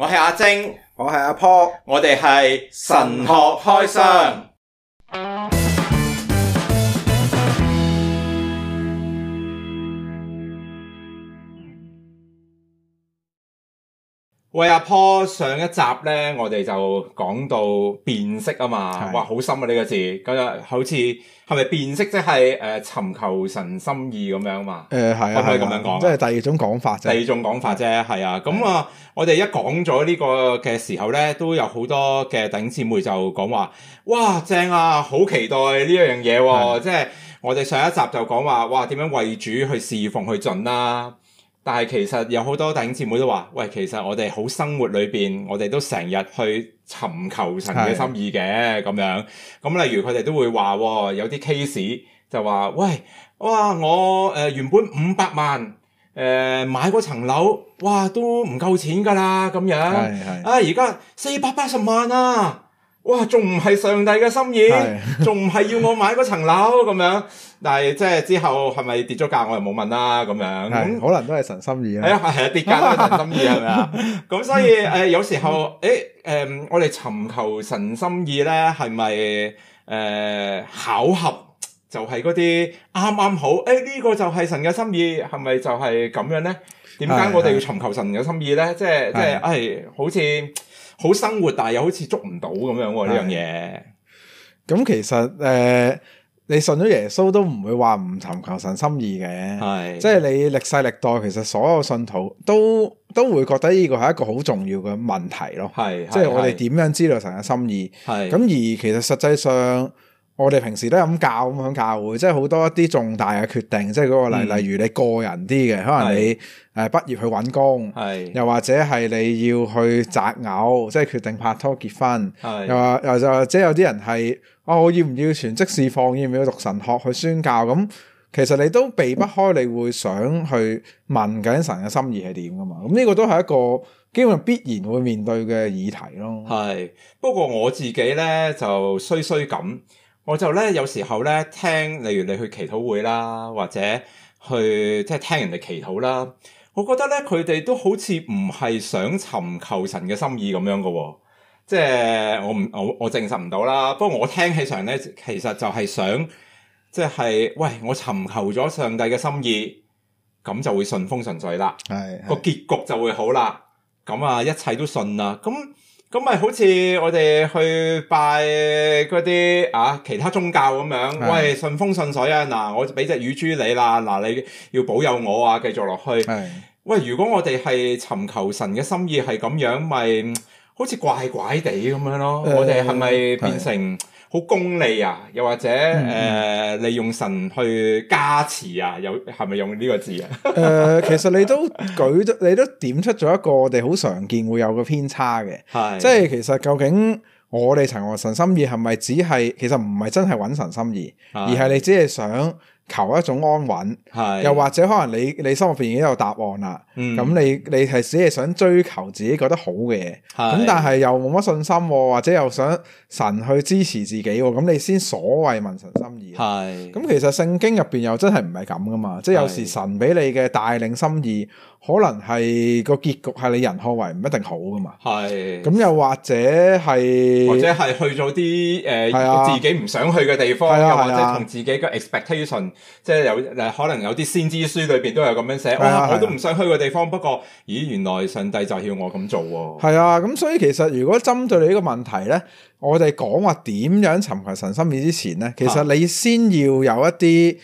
我係阿晶，我係阿坡，我哋係神學開箱。喂阿、啊、Po，上一集咧，我哋就講到辨識」啊嘛，是的 哇，好深啊呢、呢個字，咁啊，好似係咪辨識、就是」即係誒尋求神心意咁樣嘛？誒係、呃、啊，可唔可以咁樣講？即係第二種講法啫。第二種講法啫，係啊。咁是的 啊，我哋一講咗呢個嘅時候咧，都有好多嘅弟兄姊妹就講話，哇，正啊，好期待呢樣嘢，是的 即係我哋上一集就講話，哇，點樣為主去侍奉去盡啦、啊。但係其實有好多弟兄姊妹都話，喂，其實我哋好生活裏邊，我哋都成日去尋求神嘅心意嘅，咁的樣。咁例如佢哋都會話，有啲 case 就話，喂，哇，我誒、呃、原本五百萬誒、呃、買嗰層樓，哇都唔夠錢噶啦，咁樣。係係的，啊而家四百八十萬啊！哇，仲唔係上帝嘅心意？仲唔係要我買嗰層樓咁樣？但係即係之後係咪跌咗價？我又冇問啦咁樣。咁可能都係神心意啊！係啊，係啊，跌價都係神心意係咪啊？咁 所以誒、呃，有時候誒，誒、呃，我哋尋求神心意咧，係咪誒巧合？就係嗰啲啱啱好誒呢、欸這個就係神嘅心意，係咪就係咁樣咧？點解我哋要尋求神嘅心意咧？即係即係，係好似。好生活，但係又好似捉唔到咁樣喎呢樣嘢。咁其實誒、呃，你信咗耶穌都唔會話唔尋求神心意嘅。係是，即係你歷世歷代，其實所有信徒都都會覺得呢個係一個好重要嘅問題咯。係，即係我哋點樣知道神嘅心意？係是。咁而其實實際上。我哋平時都咁教咁樣教會，即係好多一啲重大嘅決定，即係嗰個例，嗯、例如你個人啲嘅，可能你誒畢是、呃、業去搵工，是又或者係你要去擇偶，即係決定拍拖結婚，又或是又或者，或者有啲人係啊，我、哦、要唔要全職侍奉，要唔要讀神學去宣教？咁、嗯、其實你都避不開，你會想去問緊神嘅心意係點噶嘛？咁、嗯、呢、嗯這個都係一個基本上必然會面對嘅議題咯。係，不過我自己咧就衰衰咁。我就咧，有時候咧，聽，例如你去祈禱會啦，或者去，即係聽人哋祈禱啦，我覺得咧，佢哋都好似唔係想尋求神嘅心意咁樣嘅喎、哦，即係我唔我我證實唔到啦。不過我聽起上咧，其實就係想，即係喂，我尋求咗上帝嘅心意，咁就會順風順水啦，係，個結局就會好啦，咁啊，一切都順啦，咁。咁咪好似我哋去拜嗰啲啊其他宗教咁樣，的喂，順風順水啊！嗱，我俾隻乳豬你啦，嗱，你要保佑我啊，繼續落去。的喂，如果我哋係尋求神嘅心意係咁樣，咪好似怪怪地咁樣咯？的我哋係咪變成？好功利啊，又或者誒利、嗯嗯呃、用神去加持啊，又係咪用呢個字啊？誒、 呃，其實你都舉咗，你都點出咗一個我哋好常見會有個偏差嘅，是即係其實究竟我哋尋求神心意係咪只係其實唔係真係揾神心意，是而係你只係想。求一種安穩，是又或者可能你你心入邊已經有答案啦，咁、嗯、你你係只係想追求自己覺得好嘅嘢，咁是但係又冇乜信心，或者又想神去支持自己，咁你先所謂問神心意。係是，咁其實聖經入邊又真係唔係咁噶嘛，是即係有時神俾你嘅帶領心意。可能係、個結局係你人看為唔一定好噶嘛，係咁是又或者係或者係去咗啲誒自己唔想去嘅地方，啊啊、又或者同自己嘅 expectation，即係有誒可能有啲先知書裏邊都有咁樣寫，啊，啊我都唔想去嘅地方，啊啊、不過咦原來上帝就要我咁做喎。係啊，咁、啊、所以其實如果針對你呢個問題咧，我哋講話點樣尋求神心意之前咧，其實你先要有一啲。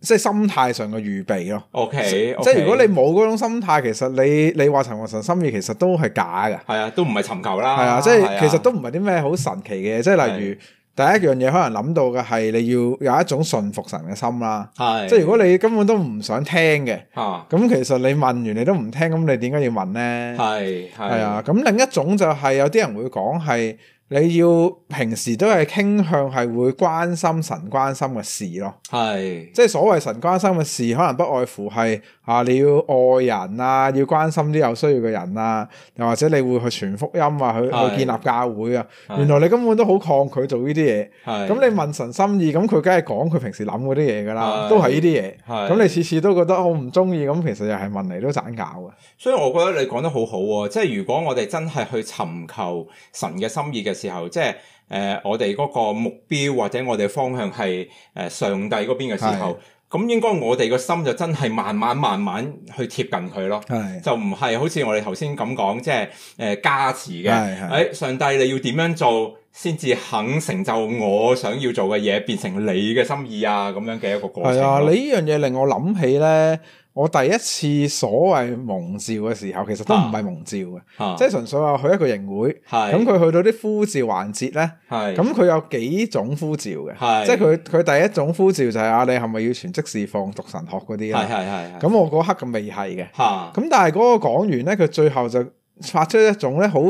即係心態上嘅預備咯。O Okay , K，okay. 即係如果你冇嗰種心態，其實你你話尋獲神心意，其實都係假嘅。係啊，都唔係尋求啦。係啊，即係、啊、其實都唔係啲咩好神奇嘅。即係例如，是第一樣嘢可能諗到嘅係你要有一種順服神嘅心啦。係是，即係如果你根本都唔想聽嘅，咁、啊、其實你問完你都唔聽，咁你點解要問咧？係係啊，咁另一種就係有啲人會講係。你要平時都係傾向係會關心神關心嘅事咯，係是，即係所謂神關心嘅事，可能不外乎係啊，你要愛人啊，要關心啲有需要嘅人啊，又或者你會去傳福音啊，去是去建立教會啊，是原來你根本都好抗拒做呢啲嘢，係是，咁你問神心意，咁佢梗係講佢平時諗嗰啲嘢噶啦，是都係呢啲嘢，咁是你次次都覺得我唔中意，咁其實又係問嚟都盞搞嘅。所以我覺得你講得好好、啊，即係如果我哋真係去尋求神嘅心意嘅時候即係誒、呃，我哋嗰個目標或者我哋方向係誒、呃、上帝嗰邊嘅時候，咁的應該我哋個心就真係慢慢慢慢去貼近佢咯，的就唔係好似我哋頭先咁講，即係誒、呃、加持嘅。誒的、哎，上帝你要點樣做先至肯成就我想要做嘅嘢，變成你嘅心意啊？咁樣嘅一個過程。係啊，你呢樣嘢令我諗起咧。我第一次所謂蒙召嘅時候，其實都唔係蒙召嘅，啊、即係純粹話去一個營會。咁佢是、嗯、去到啲呼召環節咧，咁佢是、嗯、有幾種呼召嘅，是即係佢佢第一種呼召就係、是、啊，你係咪要全職事奉讀神學嗰啲咧？咁、嗯、我嗰刻嘅未係嘅。咁是、嗯、但係嗰個講員咧，佢最後就發出一種咧好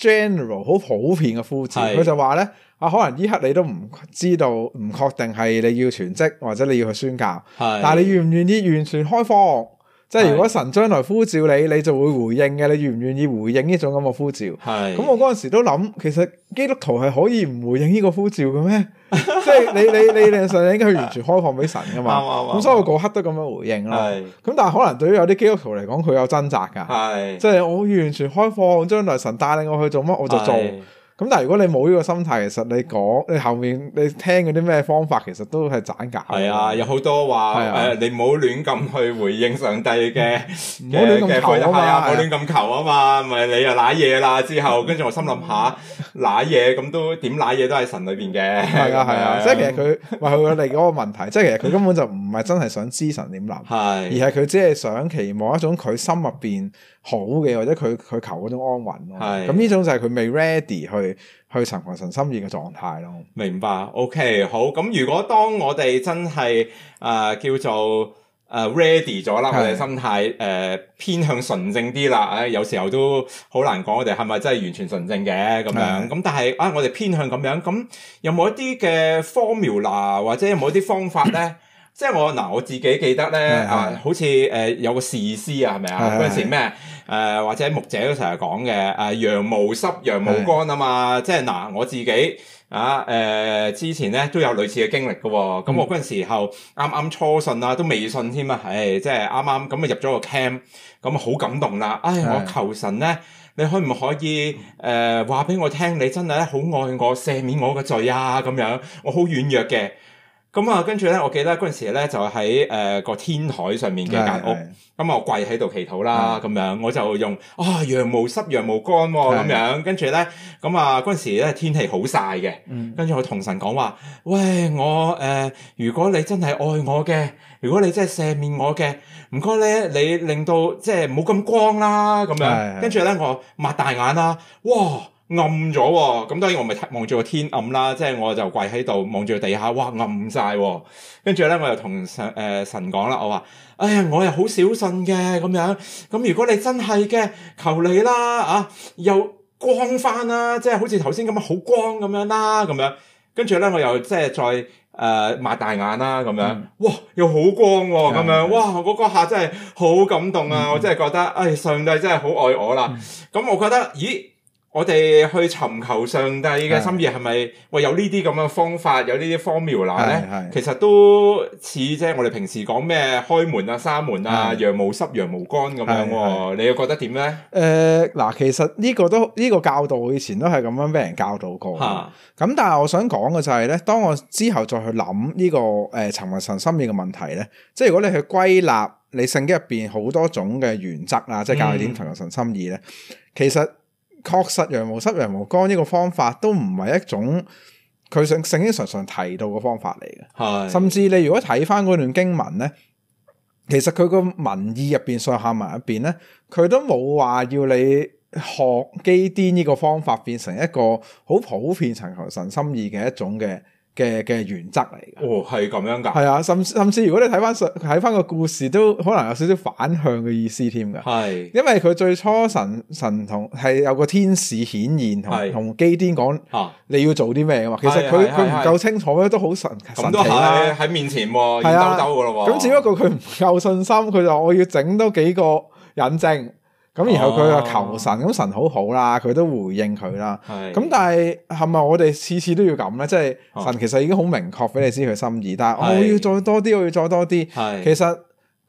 general 好普遍嘅呼籲，佢是的 就話咧啊，可能呢刻你都唔知道，唔確定係你要全職或者你要去宣教，是的 但係你願唔願意完全開放？即係如果神將來呼召你，你就會回應嘅。你願唔願意回應呢種咁嘅呼召？係是。咁我嗰陣時都諗，其實基督徒係可以唔回應呢個呼召嘅咩？ 即係你你你理論上應該完全開放俾神噶嘛。啱啱啱。咁所以我嗰刻都咁樣回應啦。係對。咁但係可能對於有啲基督徒嚟講，佢有掙扎噶。係對。即係我完全開放，將來神帶領我去做乜我就做。對咁但係如果你冇呢個心態，其實你講你後面你聽嗰啲咩方法，其實都係盞假。係啊，有好多話誒，你唔好亂咁去回應上帝嘅嘅嘅，係啊，唔好亂咁求啊嘛，唔係你又瀨嘢啦。之後跟住我心諗下瀨嘢，咁都點瀨嘢都係神裏邊嘅。係啊，係啊，即係其實佢為佢嚟嗰個問題，即係其實佢根本就唔係真係想知神點諗，而係佢只係想期望一種佢心入邊。好嘅，或者佢佢求嗰種安穩咯。係是，咁呢、嗯、種就係佢未 ready 去去尋尋神心意嘅狀態咯。明白？OK，好。咁如果當我哋真係誒、呃、叫做誒、呃、ready 咗啦，的我哋心態誒、呃、偏向純正啲啦。誒，有時候都好難講，我哋係咪真係完全純正嘅咁樣？咁的但係啊，我哋偏向咁樣，咁有冇一啲嘅 formula，或者有冇一啲方法咧？ 即係我嗱，我自己記得咧是是 啊，好似誒、呃、有個詩詩是啊，係咪啊？嗰陣時咩誒或者牧者都成日講嘅誒，羊毛濕，羊毛乾啊嘛！是是即係嗱、啊，我自己啊誒、呃、之前咧都有類似嘅經歷嘅喎。咁我嗰陣時候啱啱、嗯、初信啊，都未信添啊，誒、哎、即係啱啱咁啊入咗個 camp，咁啊好感動啦！唉、哎，我求神咧，你可唔可以誒話俾我聽，你真係好愛我，赦免我嘅罪啊咁樣，我好軟弱嘅。咁啊、嗯，跟住咧，我記得嗰陣時咧，就喺誒個天台上面嘅間屋，咁是是、嗯、我跪喺度祈禱啦，咁是是 樣我就用、哦、啊，羊毛濕，羊毛乾喎，咁樣跟住咧，咁啊嗰陣時咧天氣好晒嘅，跟住我同神講話，喂，我誒、呃，如果你真係愛我嘅，如果你真係赦免我嘅，唔該咧，你令到即係冇咁光啦，咁樣，跟住咧我擘大眼啦。哇！暗咗、哦，咁當然我咪望住個天暗啦，即係我就跪喺度望住個地下，哇暗曬、哦，呢跟住咧、呃我，哎、我又同上誒神講啦，我話，哎呀我又好小信嘅，咁樣，咁如果你真係嘅，求你啦，啊，又光翻啦，即係好似頭先咁樣好光咁樣啦，咁樣，跟住咧我又即係再誒擘、呃、大眼啦、啊，咁樣，哇又好光喎、啊，咁樣，哇嗰、那個下真係好感動啊，嗯、我真係覺得，哎上帝真係好愛我啦，咁、嗯、我覺得，咦？我哋去尋求上帝嘅心意係咪是？喂，有呢啲咁嘅方法，有呢啲 formula 啦？其實都似即係我哋平時講咩，開門啊、閂門啊、羊毛濕、羊毛乾咁樣。你又覺得點咧？誒，嗱，其實呢個都呢、這個教導以前都係咁樣俾人教導過。咁、啊、但係我想講嘅就係、是、咧，當我之後再去諗呢、這個誒，尋、呃、求神心意嘅問題咧，即係如果你去歸納你聖經入邊好多種嘅原則啦，即係教你點尋求神心意咧，嗯、其實。確實，羊毛濕、羊毛乾呢個方法都唔係一種佢聖聖經常常提到嘅方法嚟嘅，係的，甚至你如果睇翻嗰段經文咧，其實佢個文意入邊，上下文入邊咧，佢都冇話要你學基甸呢個方法變成一個好普遍尋求神心意嘅一種嘅。嘅嘅原則嚟嘅，哦，係咁樣噶，係啊，甚至甚至如果你睇翻睇翻個故事，都可能有少少反向嘅意思添噶，係是，因為佢最初神神同係有個天使顯現同同是基甸講，你要做啲咩啊嘛。其實佢佢唔夠清楚咧，都好神神都係喺面前，啊，係兜兜噶啦喎，咁、啊、只不過佢唔夠信心，佢就話我要整多幾個引證。咁然後佢就求神，咁、哦、神好好啦，佢都回應佢啦。咁是但係係咪我哋次次都要咁呢？即係神其實已經好明確俾你知佢心意，但係我要再多啲，我要再多啲。多是其實。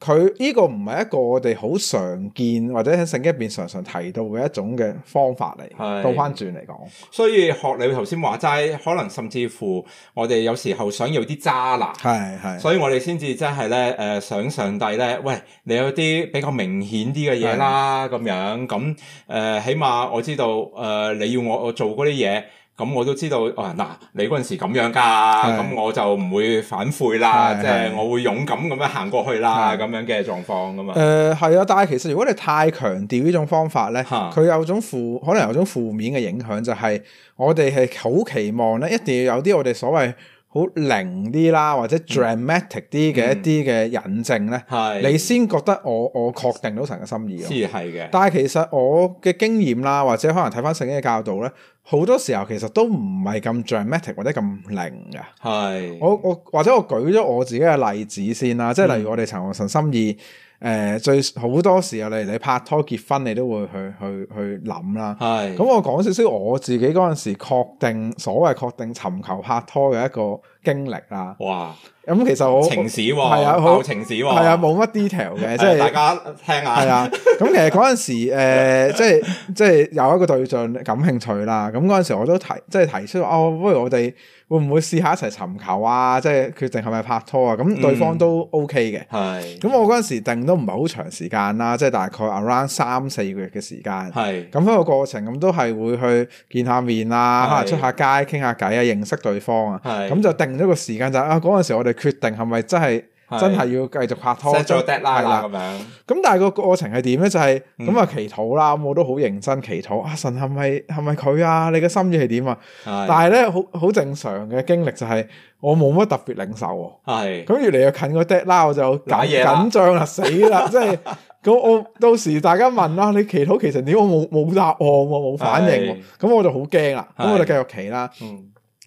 佢呢、這個唔係一個我哋好常見或者喺聖經入邊常常提到嘅一種嘅方法嚟。是倒翻轉嚟講，所以學你頭先話齋，可能甚至乎我哋有時候想要啲揸拿，係係，所以我哋先至真係咧，誒、呃、想上帝咧，喂，你有啲比較明顯啲嘅嘢啦，咁的樣咁誒、呃，起碼我知道誒、呃，你要我我做嗰啲嘢。咁我都知道，啊嗱，你嗰陣時咁樣噶，咁是我就唔會反悔啦，即係是我會勇敢咁樣行過去啦，咁是樣嘅狀況咁啊。誒係啊，但係其實如果你太強調呢種方法咧，佢，的有種負，可能有種負面嘅影響，就係我哋係好期望咧，一定要有啲我哋所謂好靈啲啦，或者 dramatic 啲嘅一啲嘅引證咧，係、嗯嗯、你先覺得我我確定到成個心意。先係嘅。但係其實我嘅經驗啦，或者可能睇翻聖經嘅教導咧。好多時候其實都唔係咁 dramatic 或者咁靈嘅，我我或者我舉咗我自己嘅例子先啦，即係例如我哋尋求神心意。誒、呃、最好多時候，例如你拍拖結婚，你都會去去去諗啦。係咁是，我講少少我自己嗰陣時確定所謂確定尋求拍拖嘅一個經歷啦。哇！咁、嗯、其實好，情史喎、啊，好我，啊、情史喎，係啊，冇乜 detail 嘅，即係大家聽下。係啊，咁其實嗰陣時、呃、 即係即係有一個對象感興趣啦。咁嗰陣時我都提，即係提出哦，不如我哋。會唔會試下一齊尋求啊？即係決定係咪拍拖啊？咁對方都 OK 嘅。係、嗯。咁我嗰陣時定都唔係好長時間啦，即係大概 around 三四個月嘅時間。係。咁嗰個過程咁都係會去見下面啊，可能出下街傾下偈啊，認識對方啊。係。咁就定咗個時間就係啊，嗰陣時我哋決定係咪真係？真係要繼續拍拖，係啦咁樣。咁但係個過程係點咧？就係咁啊，祈禱啦，我都好認真祈禱。阿神係咪係咪佢啊？你嘅心意係點啊？但係咧，好好正常嘅經歷就係我冇乜特別領受。係咁越嚟越近個 deadline 啦，我就緊張啊死啦！即係咁我到時大家問啦，你祈禱其實點我冇冇答案冇反應，咁我就好驚啦。咁我就繼續祈啦。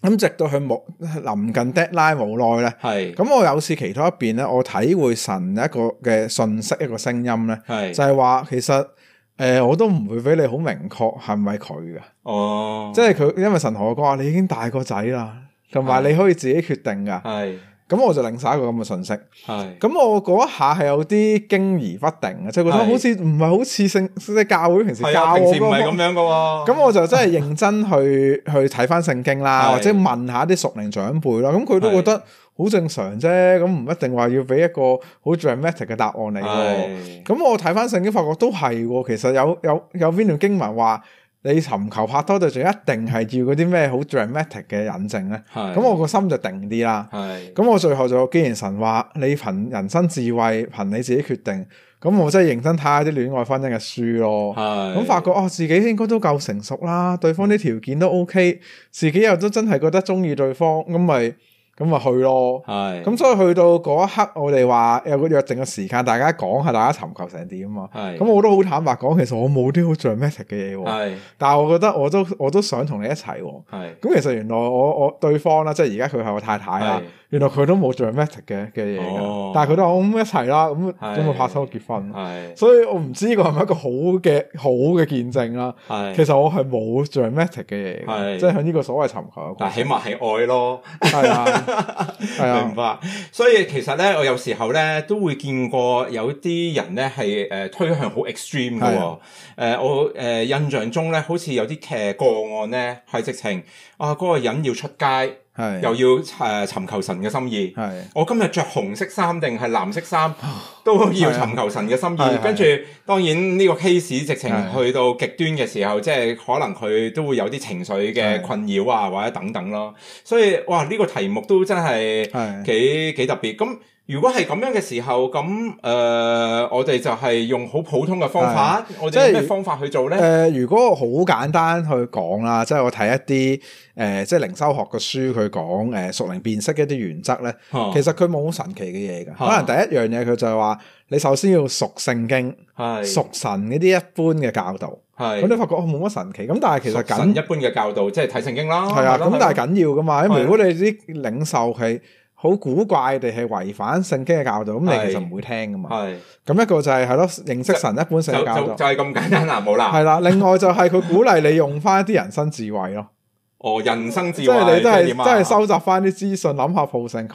咁直到佢冇臨近 deadline 冇耐咧，咁是、嗯、我有次其他一邊咧，我體會神一個嘅訊息一個聲音咧，是就係話其實誒、呃、我都唔會俾你好明確係咪係佢嘅，哦、即係佢，因為神同我講話你已經大個仔啦，同埋你可以自己決定㗎。咁我就領晒一個咁嘅信息，咁是我嗰一下係有啲驚而不定啊，即、就、係、是、覺得好似唔係好似聖即係教會平時教我嗰咁、啊、樣噶喎。咁我就真係認真去 去睇翻聖經啦，是或者問下啲屬靈長輩咯。咁佢都覺得好正常啫，咁唔一定話要俾一個好 dramatic 嘅答案嚟。咁是我睇翻聖經發覺都係，其實有有有邊段經文話。你尋求拍拖對象一定係要嗰啲咩好 dramatic 嘅引證咧？咁是我個心就定啲啦。咁是我最後就既然神話，你憑人生智慧，憑你自己決定。咁我真係認真睇下啲戀愛婚姻嘅書咯。咁是發覺哦，自己應該都夠成熟啦，對方啲條件都 OK，嗯、自己又都真係覺得中意對方咁咪。咁咪去咯，咁是所以去到嗰一刻，我哋話有個約定嘅時間，大家講下，大家尋求成點啊嘛。咁是我都好坦白講，其實我冇啲好 dramatic 嘅嘢、啊，是但係我覺得我都我都想同你一齊、啊。咁是其實原來我我對方啦、啊，即係而家佢係我太太啦、啊。原來佢都冇做 dramatic 嘅嘅嘢嘅，哦、但係佢都講一齊啦，咁點會拍拖結婚？是所以我唔知呢個係咪一個好嘅好嘅見證啦。是其實我係冇做 dramatic 嘅嘢，是即係向呢個所謂尋求。但起碼係愛咯，係 啊，明白、啊。所以其實咧，我有時候咧都會見過有啲人咧係誒推向好 extreme 嘅、哦。誒、啊呃，我誒、呃、印象中咧，好似有啲劇個案咧係直情啊，嗰、啊那個人要出街。係又要誒尋、呃、求神嘅心意，係是的 我今日着紅色衫定係藍色衫，哦、都要尋求神嘅心意。跟住當然呢、呢個 case 直情去到極端嘅時候，是的 即係可能佢都會有啲情緒嘅困擾啊，是的 或者等等咯。所以哇，呢、呢個題目都真係幾幾特別咁。嗯如果係咁樣嘅時候，咁誒，我哋就係用好普通嘅方法，我哋咩方法去做咧？誒，如果好簡單去講啦，即係我睇一啲誒，即係靈修學嘅書，佢講誒，屬靈辨識一啲原則咧。其實佢冇好神奇嘅嘢嘅，可能第一樣嘢佢就係話，你首先要熟聖經，熟神呢啲一般嘅教導。係咁，你發覺冇乜神奇。咁但係其實緊一般嘅教導，即係睇聖經啦。係啊，咁但係緊要噶嘛？因為如果你啲領袖係。好古怪地係違反聖經嘅教導，咁你其實唔會聽噶嘛。係是，咁一個就係係咯，認識神一般性嘅教導，就就係咁簡單啊，冇啦。係 啦，另外就係佢鼓勵你用翻一啲人生智慧咯。哦，人生智慧即係即係即係收集翻啲資訊，諗下 process。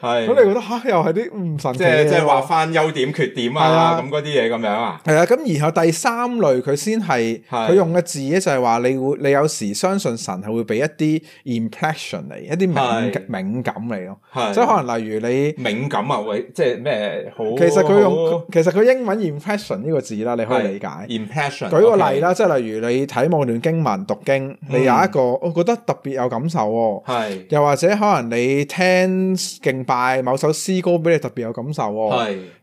係咁，你覺得吓又係啲唔神奇？即係即係話翻優點缺點啊咁嗰啲嘢咁樣啊？係啊，咁然後第三類佢先係佢用嘅字就係話你會你有時相信神係會俾一啲 impression 嚟，一啲敏敏感嚟咯。即係可能例如你敏感啊，喂，即係咩好？其實佢用其實佢英文 impression 呢個字啦，你可以理解 impression。舉個例啦，即係例如你睇某段經文讀經，你有一個得特別有感受喎，哦，是又或者可能你聽敬拜某首詩歌俾你特別有感受喎，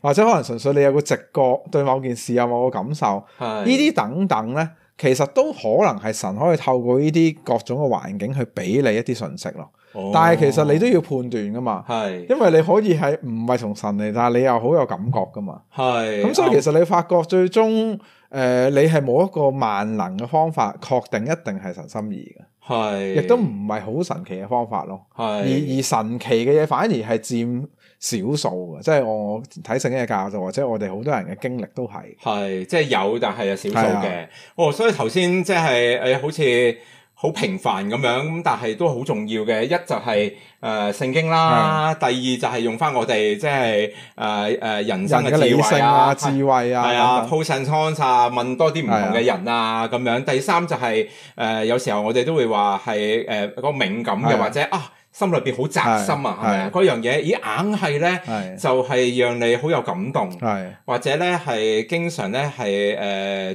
哦，是或者可能純粹你有個直覺對某件事有某個感受，呢啲是等等咧，其實都可能係神可以透過呢啲各種嘅環境去俾你一啲信息咯。哦、但係其實你都要判斷噶嘛，是因為你可以係唔係從神嚟，但係你又好有感覺噶嘛。咁是所以其實你發覺最終誒、呃、你係冇一個萬能嘅方法確定一定係神心意嘅。係，是亦都唔係好神奇嘅方法咯。係是，而而神奇嘅嘢反而係佔少數嘅，即係我睇聖經嘅教導，或者我哋好多人嘅經歷都係。係，即係有，但係有少數嘅。是啊、哦，所以頭先即係誒，好似。好平凡咁樣，咁但係都好重要嘅。一就係誒聖經啦，嗯、第二就係用翻我哋即係誒誒人生嘅智慧啊、啊是智慧啊，係啊，poison t o n s 啊，問多啲唔同嘅人啊咁樣。第三就係、是、誒、呃、有時候我哋都會話係誒個敏感嘅是的 或者啊。心裏邊好扎心啊，係咪啊是？嗰是樣嘢，咦，硬係咧，是就係讓你好有感動，是或者咧係經常咧係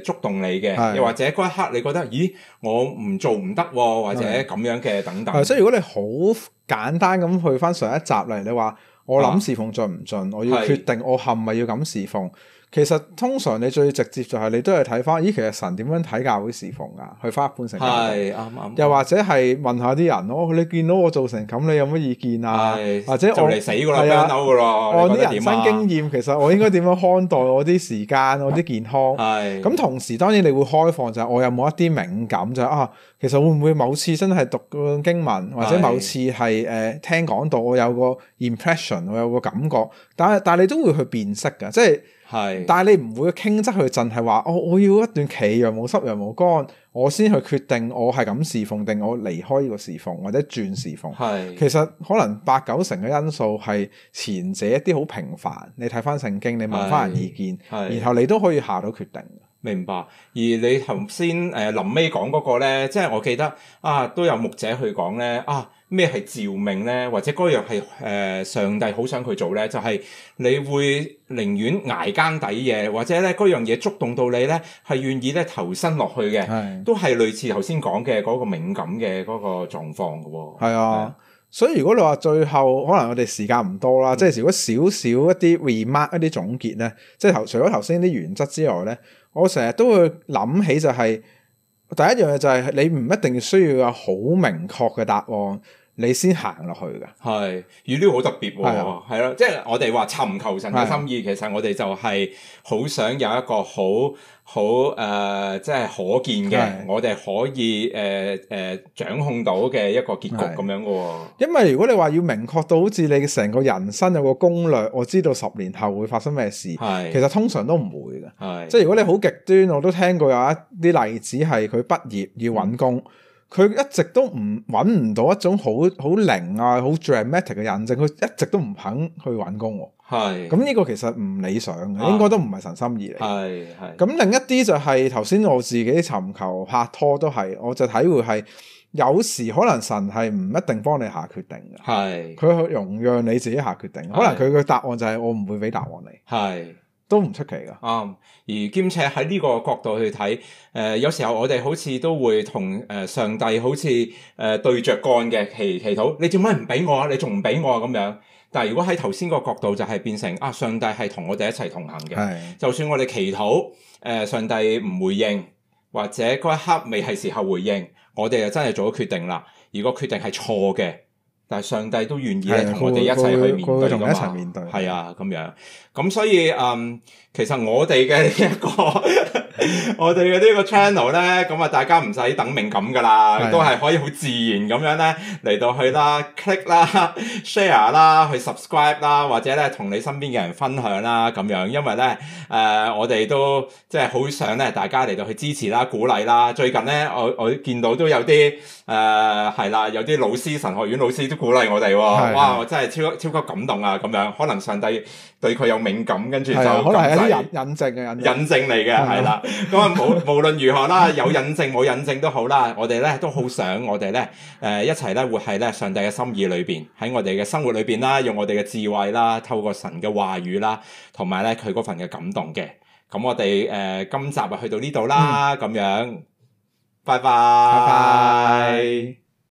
誒觸動你嘅，是又或者嗰一刻你覺得，咦，我唔做唔得喎，或者咁樣嘅等等。所以如果你好簡單咁去翻上一集嚟，你話我諗侍奉進唔進，我要決定我係咪要咁侍奉。其實通常你最直接就係你都係睇翻，咦？其實神點樣睇教會侍奉㗎？去翻一半成家底，啱啱是。又或者係問下啲人咯，啊、你見到我做成咁，你有乜意見啊？是或者我死係啊？我啲人生經驗、啊、其實我應該點樣看待我啲時間、 我啲健康？係是。咁同時當然你會開放、就係，就係我有冇一啲敏感就係、是、啊，其實會唔會某次真係讀過經文，或者某次係誒、呃、是聽講到我有個 impression，我有個感覺，但係但係你都會去辨識㗎，即係係，是但係你唔會傾側去，淨係話我我要一段企，又冇濕又冇乾，我先去決定我係咁侍奉定我離開呢個侍奉或者轉侍奉。係是，其實可能八九成嘅因素係前者一啲好平凡，你睇翻聖經，你問翻人意見，然後你都可以下到決定。明白。而你頭先誒臨尾講嗰個咧，即係我記得啊，都有牧者去講咧啊。咩係召命咧？或者嗰樣係誒、呃、上帝好想佢做咧？就係、是、你會寧願捱更抵夜，或者咧嗰樣嘢觸動到你咧，係願意咧投身落去嘅，是都係類似頭先講嘅嗰個敏感嘅嗰個狀況嘅。係啊，啊所以如果你話最後可能我哋時間唔多啦、嗯，即係如果少少一啲 remark 一啲總結咧，即係頭除咗頭先啲原則之外咧，我成日都會諗起就係、是、第一樣嘢就係你唔一定需要有好明確嘅答案。你先行落去噶，係預料好特別，係咯。即係我哋話尋求神嘅心意，其實我哋就係好想有一個好好誒，即係可見嘅，我哋可以誒誒掌控到嘅一個結局咁樣噶。因為如果你話要明確到好似你成個人生有個攻略，我知道十年後會發生咩事，係其實通常都唔會嘅。係即係如果你好極端，我都聽過有一啲例子係佢畢業要搵工，佢一直都唔揾唔到一種好好靈啊，好 dramatic 嘅印證。佢一直都唔肯去揾工喎、啊。咁呢是、嗯這個其實唔理想嘅，應該都唔係神心意嚟。係係。咁、嗯、另一啲就係頭先我自己尋求拍拖都係，我就體會係有時可能神係唔一定幫你下決定嘅。係是。佢容讓你自己下決定，可能佢嘅答案就係、是、是我唔會俾答案你是。係。都唔出奇㗎。啊，而兼且喺呢個角度去睇，誒、呃、有時候我哋好似都會同誒、呃、上帝好似誒、呃、對着幹嘅祈祈禱，你做乜唔俾我啊？你仲唔俾我啊？咁樣。但係如果喺頭先個角度就係變成啊，上帝係同我哋一齊同行嘅。係的，就算我哋祈禱，誒、呃、上帝唔回應，或者嗰一刻未係時候回應，我哋就真係做咗決定啦。如果決定係錯嘅。但係上帝都願意咧，同的我哋一齊去面對噶嘛。係啊，咁樣。咁所以，誒、嗯，其實我哋嘅一個。 我哋嘅呢個 channel 咧，咁啊，大家唔使等敏感噶啦，的都係可以好自然咁樣咧嚟到去啦，click 啦，share 啦，去 subscribe 啦，或者咧同你身邊嘅人分享啦，咁樣，因為咧誒、呃，我哋都即係好想咧，大家嚟到去支持啦、鼓勵啦。最近咧，我我見到都有啲誒係啦，有啲老師神學院老師都鼓勵我哋、喔，的哇，我真係超級超級感動啊！咁樣，可能上帝對佢有敏感，跟住就可能係一啲人引證嘅人引證嚟嘅，係啦。咁啊， 無無論如何啦，有引證冇引證都好啦，我哋咧都好想我哋咧誒，一齊咧活喺咧上帝嘅心意裏邊，喺我哋嘅生活裏邊啦，用我哋嘅智慧啦，透過神嘅話語啦，同埋咧佢嗰份嘅感動嘅，咁我哋誒、呃、今集啊去到呢度啦，咁、嗯、樣，拜拜。Bye bye